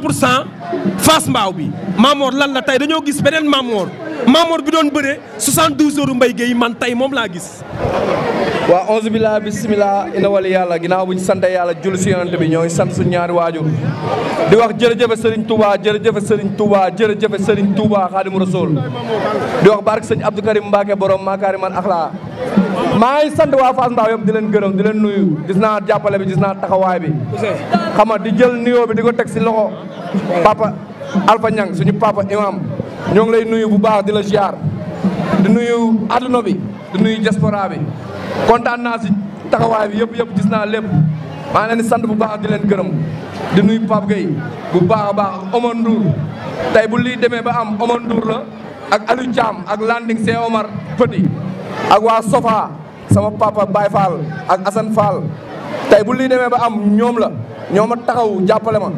pour cent Fass Mbao bi Mamor lan la tey dañoo gis beneen Mamor Mamor bi doon bëree 72 heures Mbaye Guèye man tey moom laa gis. waaw onze billah bisimilah ina wali yàlla ginnaaw bu ñu sant yàlla jul si yonante bi ñoo ngi sant suñu ñaari waajur di wax jërëjëfe Serigne Touba jërëjëfe Serigne Touba jërëjëfe Serigne Touba Xaadimu Rasuul di wax barke sëñ Abdou Karim Mbacke borom maakaari man axlaa maa ngi sant waa Fass Mbao yëpp di leen gërëm di leen nuyu gis naa jàppale bi gis naa taxawaay bi xamaa di jël nuyoo bi di ko teg si loxo papa Alpha Niang suñu papa imam ñoo ngi lay nuyu bu baax di la ziar di nuyu àdduna bi di nuyu diaspora bi kontaan naa si taxawaay bi yëpp yëpp gis naa lépp maa leen di sant bu baax di leen gërëm di nuyu Pape Gueye bu baax a baax tey bu lii demee ba am Omar Ndour la ak Aliou Thiam ak Landing Sey Omar Petit ak waa Sofa sama papa Baye Fall ak Assane Fall tey bu lii demee ba am ñoom la ñoo ma taxaw jàppale ma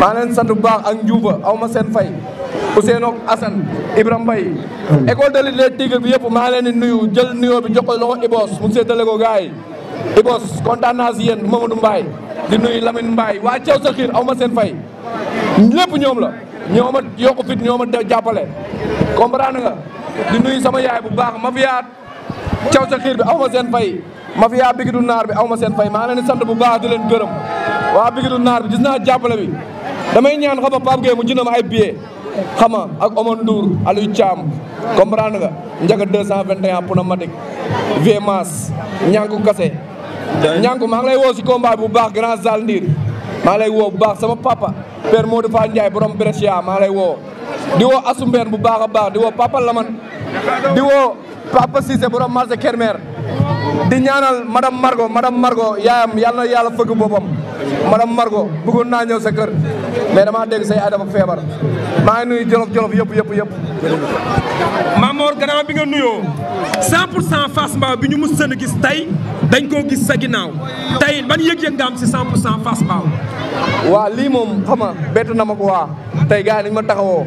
maa leen sant bu baax ak njuuba aw ma seen fay Ousseynou Assane Ibrahima Mbaye école de lutte les Tigres bi yëpp maa leen di nuyu jël nuyoo bi jox ko loxo Ibos mu séddale ko gars yi kontaan naa si yéen Mamadou Mbaye di nuy Lamine Mbaye waa Ceew sa aw ma seen fay lépp ñoom la ñoo ma yokku fit ñoo ma jàppale comprendre nga di nuyu sama yaay bu baax ma fiyaat caw ca xiir bi aw ma seen fay ma fi yaa bigidu naar bi aw seen fay maa ngi sant bu baax di leen gërëm waa bigidu naar bi gis naa jàppale bi damay ñaan xam nga Pape Gueye mu jënd ma ay billet xam nga ak Omar Ndour Aliou Thiam comprendre nga njaga 221 pneumatique Vmas ñànku kase ñànku maa ngi lay woo si combat bu baax grand sal ndiir maa lay woo bu baax sama papa moo Modou Fall Ndiaye borom Brescia maa ngi lay woo di woo asumben bu baax a baax di woo papa Laman Papa Cissé borom marché Kermer di ñaanal madame Margo madame Margo yaayam yàlla na yàlla fëgg boppam madame Margo bëggoon naa ñëw sa kër mais damaa dégg say ay dafa feebar maa ngi nuyu jolof jolof yëpp yëpp yëpp. Mamor gannaaw bi nga nuyoo 100 pour cent Fass bi ñu mës sën gis tey dañ koo gis sa ginnaaw tey ban yëg-yëg si 100 pour cent Fass Mbaw. waa lii moom xam nga bett na ma ko waa tey gars yi nañ ma taxawoo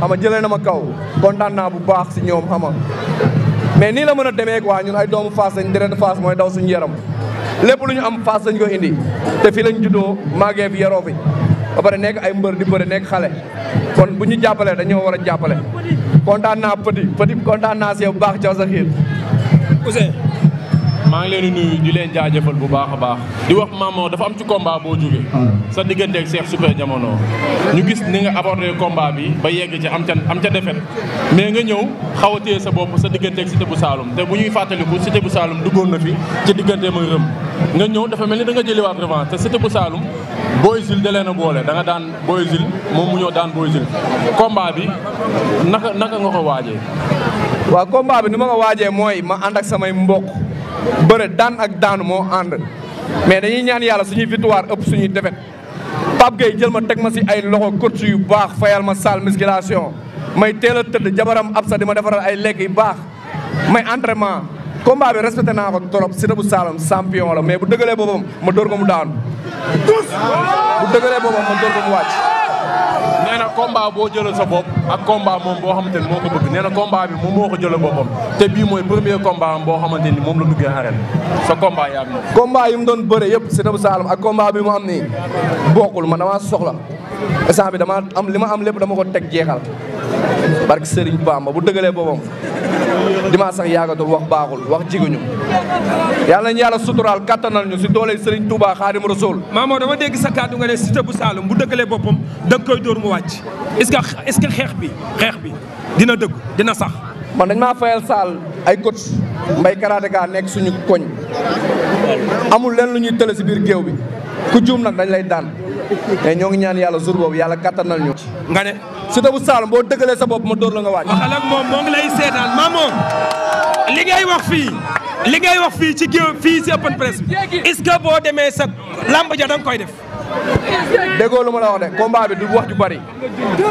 xam nga jëlee na ma kaw kontaan naa bu baax si ñoom xam nga mais nii la mën a demee quoi ñun ay doomu Fass lañ deret Fass mooy daw suñu yaram lépp lu ñu am Fass lañ ko indi te fii lañ juddoo màggee fi yaroo fi ba pare nekk ay mbër di bëre nekk xale kon bu ñu jàppalee dañoo war a jàppale kontaan naa petit petit kontaan naa si yow bu baax caw sa xiir Ousseyn maa ngi leen di nuyu di leen jaajëfal bu baax baax di wax maamoo dafa am ci combat boo jógee sa diggante ak Cheikh Super Diamono ñu gis ni nga abordé combat bi ba yegg ci am ca am ca defet mais nga ñëw xaw a téye sa bopp sa digganteeg ak Cité bu Saloum te bu ñuy fàttaliku Cité bu du duggoon na fi ci diggante ma rëm nga ñëw dafa mel ni da nga jëliwaat revanche te Cité bu Saloum boo Jules dalee na a boole da daan Boy Jules moom mu ñëw daan Boy Jules combat bi naka naka nga ko waajee waaw combat bi ni ma ko waajee mooy ma ànd ak samay mbokk bëre daan ak daanu moo ànd mais dañuy ñaan yàlla suñuy victoire ëpp suñuy defet Pape Gueye jël ma teg ma si ay loxo coach yu baax fayal ma salle musculation may teel a tëdd jabaram ab sa di ma defaral ay lekk yu baax may entraînement combat bi respecté naa ko trop Siteu bu Saloum champion la mais bu dëgalee boppam ma dóor ko mu daanu bu dëgalee boppam ma dóor ko nee na boo jëlal sa bopp ak combat moom boo xamante ni moo ko bëgg na combat bi moom moo ko jëlal boppam te bii mooy premier combat am boo xamante ni moom la duggee arène sa combat yaa ngi nii. combat mu doon bëre yëpp si Dab Saalum ak combat bi mu am nii bokkul man damaa soxla instant bi dama am li ma am lépp dama ko teg jeexal barke Serigne Bamba bu dëgalee boppam. dimanche sax yaagatul wax baaxul wax jiguñu yàlla nañu yàlla suturaal kattanal ñu si doole Serigne Touba Xaadim Rasul Mamadou dama dégg sa kàddu nga ne Siteu bu Saloum bu dëkkalee boppam da nga koy dóor mu wàcc est est-ce que xeex bi xeex bi dina dëgg dina sax man dañ maa fayal saal ay coach mbay kaa nekk suñu koñ amul leen lu ñuy tële si biir géew bi ku juum nag dañ lay daan mais ñoo ngi ñaan yàlla jour boobu yàlla kattanal ñu nga ne Siteu bu Saloum boo dëggalee sa bopp ma dóor la nga waaj. waxal ak moom moo ngi lay seetaan maman li ngay wax fii li ngay wax fii ci géew fii ci open press bi boo demee sa làmb jot danga koy def. déggoo lu ma la wax de combat bi du wax ju bari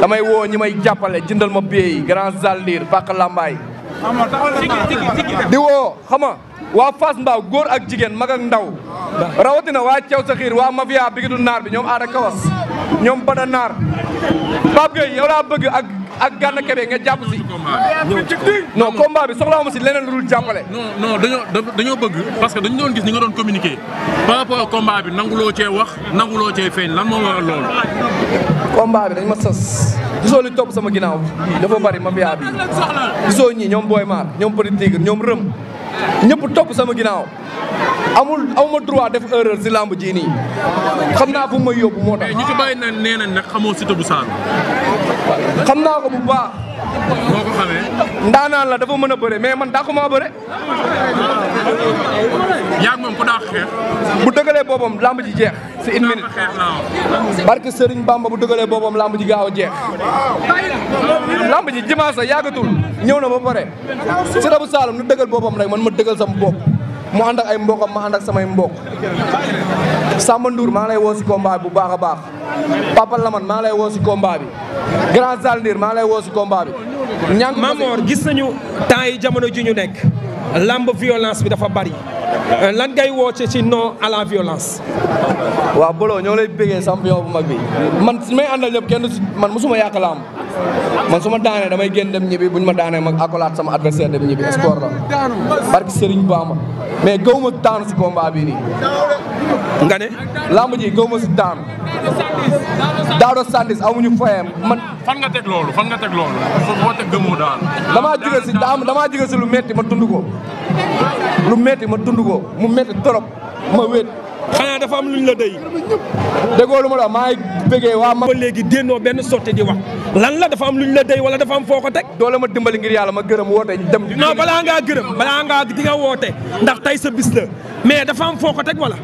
damay woo ñi may jàppale jëndal ma billet yi grand zaldir Pàkk Lambaay. di woo xama waa Fass Mbao góor ak jigéen mag ndaw rawatina waa Ceew sa waa mafia bi du naar bi ñoom aada kawas ñoom bada naar Pape Gueye yow laa bëgg ak ak Gana Kebe nga jàpp si non combat bi soxlaa ma si leneen lu dul jàppale non non dañoo bëgg parce que dañu doon gis ñi nga doon communiquer par rapport ak combat bi nanguloo cee wax nanguloo cee feeñ lan moo lool loolu combat dañ ma sas gisoo li topp sama ginnaaw dafa bari mafia bi gisoo ñi ñoom Boy Maar ñoom Petit Tigre ñoom Rëm ñëpp topp sama ginnaaw amul awma droit def erreur si lamb ji nii xam naa fu may yóbbu moo tax. ñu ci bàyyi naan na nag xamoo Siteu bu Saloum. bu baax. boo ko ndaanaan la dafa mën a bëre mais man dàqu maa bëre. yaa ngi ku daax xeex. bu dëgalee boobam lamb jeex. si une minute barke Serigne Bamba bu dëgalee boobam lamb ji gaaw a jeex. lamb ji jimaasa yàggatul ñëw na ba pare. si rabu Saalum nu dëgal boobam rek man ma dëgal sama bopp. mu ànd ay mbokam ma ànd ak samay mbokk Samba Ndour maa lay woo si combat bu baax a baax papal Lamane maa ngi lay woo si combat bi Grand Zal maa lay woo si combat bi. ñaan Mamor gis nañu temps yi jamono ji ñu nekk lamb violence bi dafa bari euh, lan ngay woote ci non à la violence. waaw Bolo ñoo lay bégee champion bu mag bi man may àndal ñëpp kenn man mosuma yàq man su ma daanee damay génn dem ñibbi bu ñu ma daanee ma akolaat sama adversaire dem ñibbi sport la barki Serigne Bamba mais gaw ma daanu si combat bii nii nga ne lamb ji gaw ma si daanu Daouda Sandwich amuñu fayam man. fan nga teg loolu fan nga damaa jóge si daam damaa jóge si lu metti ma tund ko lu metti ma tund ko mu metti trop ma wéet. xanaa dafa am luñ la déy. déggoo lu ma la maa ngi bëggee waa ma. ba léegi dénnoo benn sotti di wax lan la dafa am luñ la déy wala dafa am foo ko teg. doole ma dimbali ngir yàlla ma gërëm woote dem. non balaa ngaa gërëm balaa ngaa di nga woote ndax tey sa bis la mais dafa am foo ko teg wala.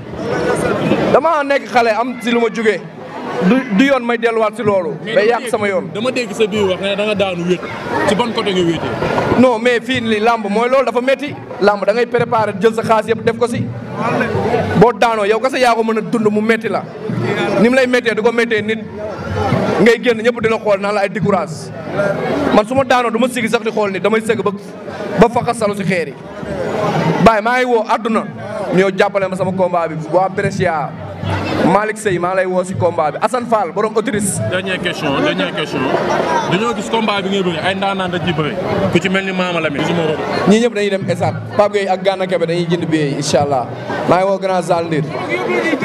damaa nekk xale am si lu ma jugee. du du yoon may delluwaat si loolu. day yàq sama yoon dama dégg sa biir wax ne da nga daanu wéet ci ban côté nga wéetee. non mais fii nii làmb mooy loolu dafa métti làmb da ngay préparer jël sa xaas yëpp def ko si. boo daanoo yow kese yaa ko mën a dund mu metti la ni mu lay méttee du ko méttee nit ngay génn ñëpp di la xool naa la ay décourage man su ma daanoo du ma sigi sax di xool ni damay sëgg ba ba faqa salu si xeer yi bàyyi maa ngi woo àdduna ñoo jàppale ma sama combat bi waa Brescia Malick Seye maa lay woo si combat bi Assane Fall borom autrice. dernière question dernière question dañoo gis combat bi ngay bëri ay ndaanaan dañ ciy bëri mel ni Maama ñii ñëpp dañuy dem Esat Pape Gueye ak Gana Kebe dañuy jënd billet incha allah maa ngi woo Grand Zal di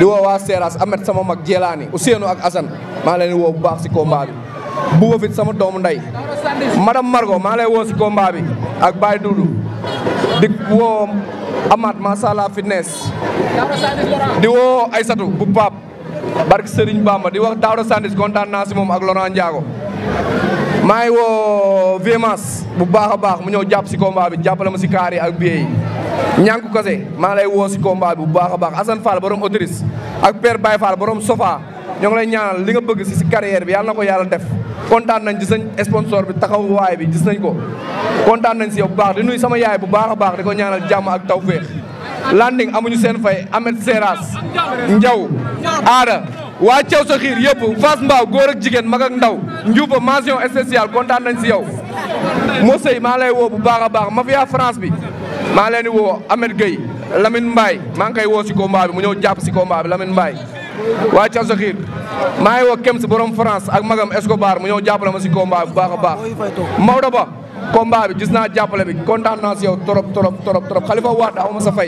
woo waa Seras Ahmed sama mag Jelaani Ousseynou ak Assane maa leen woo bu baax si combat bi. Bouba sama doomu nday madame Margot maa lay woo si combat bi ak Baye Doudou di woo. amaat macha allah fitness di woo Aysatu bu Paap barke Serigne Bamba di wax Daouda Sandwich kontaan naa moom ak Laurent Ndiago maa ngi woo Vémas bu baax a baax mu ñëw jàpp si combat bi la ma si kaar ak biye yi. ñànku kase maa lay woo si combat bi bu baax a baax borom autorise ak Père Baye Fall borom Sofa ñoo ngi lay ñaanal li nga bëgg si si bi yàlla na ko yàlla def. kontaan nañ gis nañ sponsor bi taxawaay bi gis nañ ko kontaan nañ si yow bu baax di nuy sama yaay bu baax a baax di ko ñaanal jàmm ak tawféex landing amuñu seen fay Ahmed Seras njaw aada waa Thiaw sa xiir yëpp Fass Mbao góor ak jigéen mag ndaw Ndiouba mention spéciale kontaan nañ si yow Mosey maa lay woo bu baax a baax mafia France bi maa leen di woo Ahmed Gueye Lamine mbaay maa ngi koy woo si combat bi mu ñëw jàpp si combat bi Lamine Mbaye waa Thiam Sakir maa ngi woo Kems borom France ak magam Escobar mu ñëw jàppale ma si combat bu baax a baax Maodo Ba combat bi gis naa jàppale bi kontaan naa si yow trop trop trop trop Khalifa Wade aw ma sa fay.